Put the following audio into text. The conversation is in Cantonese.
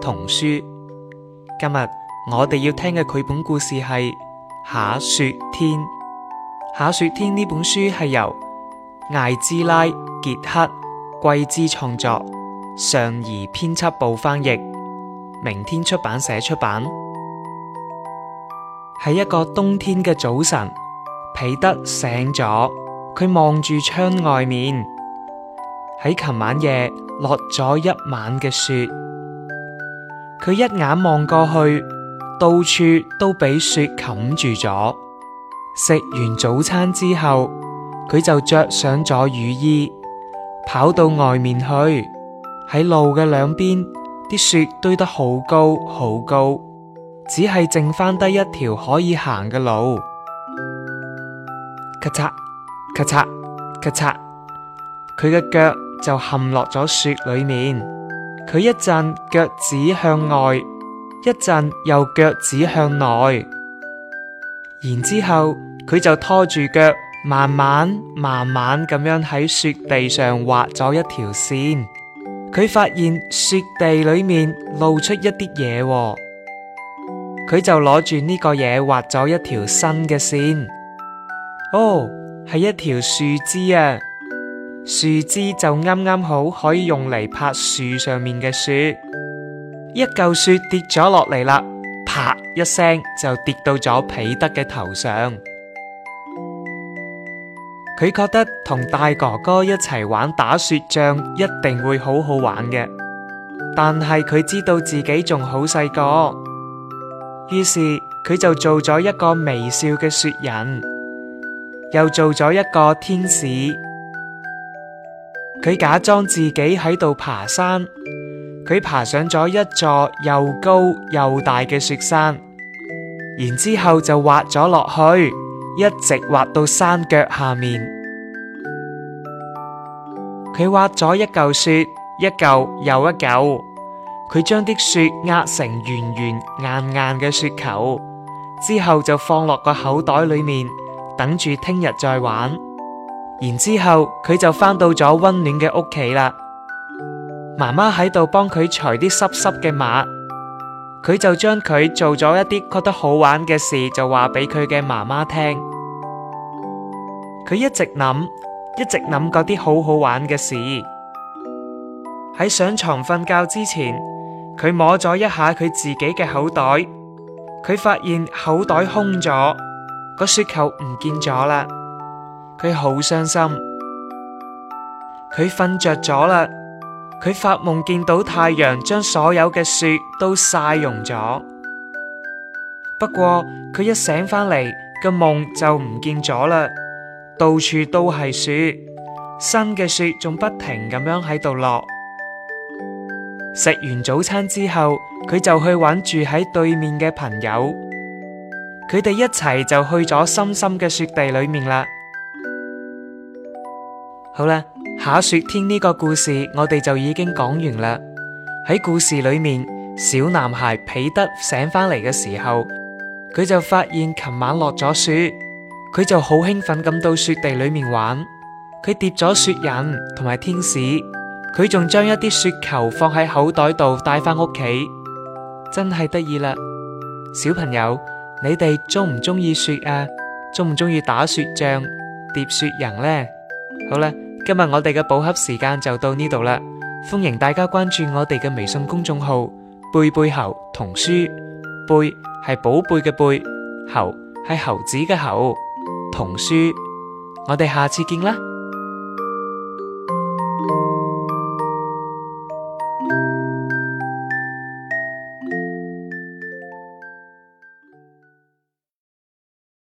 童書。今日我哋要聽嘅繪本故事係下雪天。下雪天呢本書係由艾茲拉·傑克·季茲創作，上宜編輯部翻譯，明天出版社出版。喺一個冬天嘅早晨，彼得醒咗，佢望住窗外面，喺琴晚夜落咗一晚嘅雪。佢一眼望過去，到處都俾雪冚住咗。食完早餐之後，佢就着上咗雨衣，跑到外面去。喺路嘅兩邊，啲雪堆得好高好高，只係剩翻低一條可以行嘅路。咔嚓咔嚓咔嚓，佢嘅腳就陷落咗雪裏面。佢一陣腳趾向外，一陣又腳趾向內，然之後佢就拖住腳，慢慢慢慢咁樣喺雪地上畫咗一條線。佢發現雪地裏面露出一啲嘢，哦，佢就攞住呢個嘢畫咗一條新嘅線。哦，係一條樹枝啊！樹枝就啱啱好可以用嚟拍樹上面嘅雪，一嚿雪跌咗落嚟啦，啪一聲就跌到咗彼得嘅頭上。佢覺得同大哥哥一齊玩打雪仗一定會好好玩嘅，但係佢知道自己仲好細個，於是佢就做咗一個微笑嘅雪人，又做咗一個天使。佢假裝自己喺度爬山，佢爬上咗一座又高又大嘅雪山，然之後就滑咗落去，一直滑到山腳下面。佢挖咗一嚿雪，一嚿又一嚿，佢將啲雪壓成圓圓硬硬嘅雪球，之後就放落個口袋裏面，等住聽日再玩。然之後佢就返到咗溫暖嘅屋企啦。媽媽喺度幫佢除啲濕濕嘅襪，佢就將佢做咗一啲覺得好玩嘅事就話俾佢嘅媽媽聽。佢一直諗，一直諗嗰啲好好玩嘅事。喺上床瞓覺之前，佢摸咗一下佢自己嘅口袋，佢發現口袋空咗，個雪球唔見咗啦。佢好傷心，佢瞓着咗啦。佢發夢見到太陽將所有嘅雪都曬融咗，不過佢一醒返嚟個夢就唔見咗啦。到處都係雪，新嘅雪仲不停咁樣喺度落。食完早餐之後，佢就去揾住喺對面嘅朋友，佢哋一齊就去咗深深嘅雪地裏面啦。好啦，下雪天呢個故事我哋就已經講完啦。喺故事裏面，小男孩彼得醒返嚟嘅時候，佢就發現琴晚落咗雪，佢就好興奮咁到雪地裏面玩。佢疊咗雪人同埋天使，佢仲將一啲雪球放喺口袋度帶返屋企，真係得意啦。小朋友，你哋鍾唔鍾意雪啊？鍾唔鍾意打雪仗、疊雪人呢？好啦。今日我哋嘅寶盒時間就到呢度啦，歡迎大家關注我哋嘅微信公眾號“貝貝猴童書”，貝係寶貝嘅貝，猴係猴子嘅猴，童書，我哋下次見啦。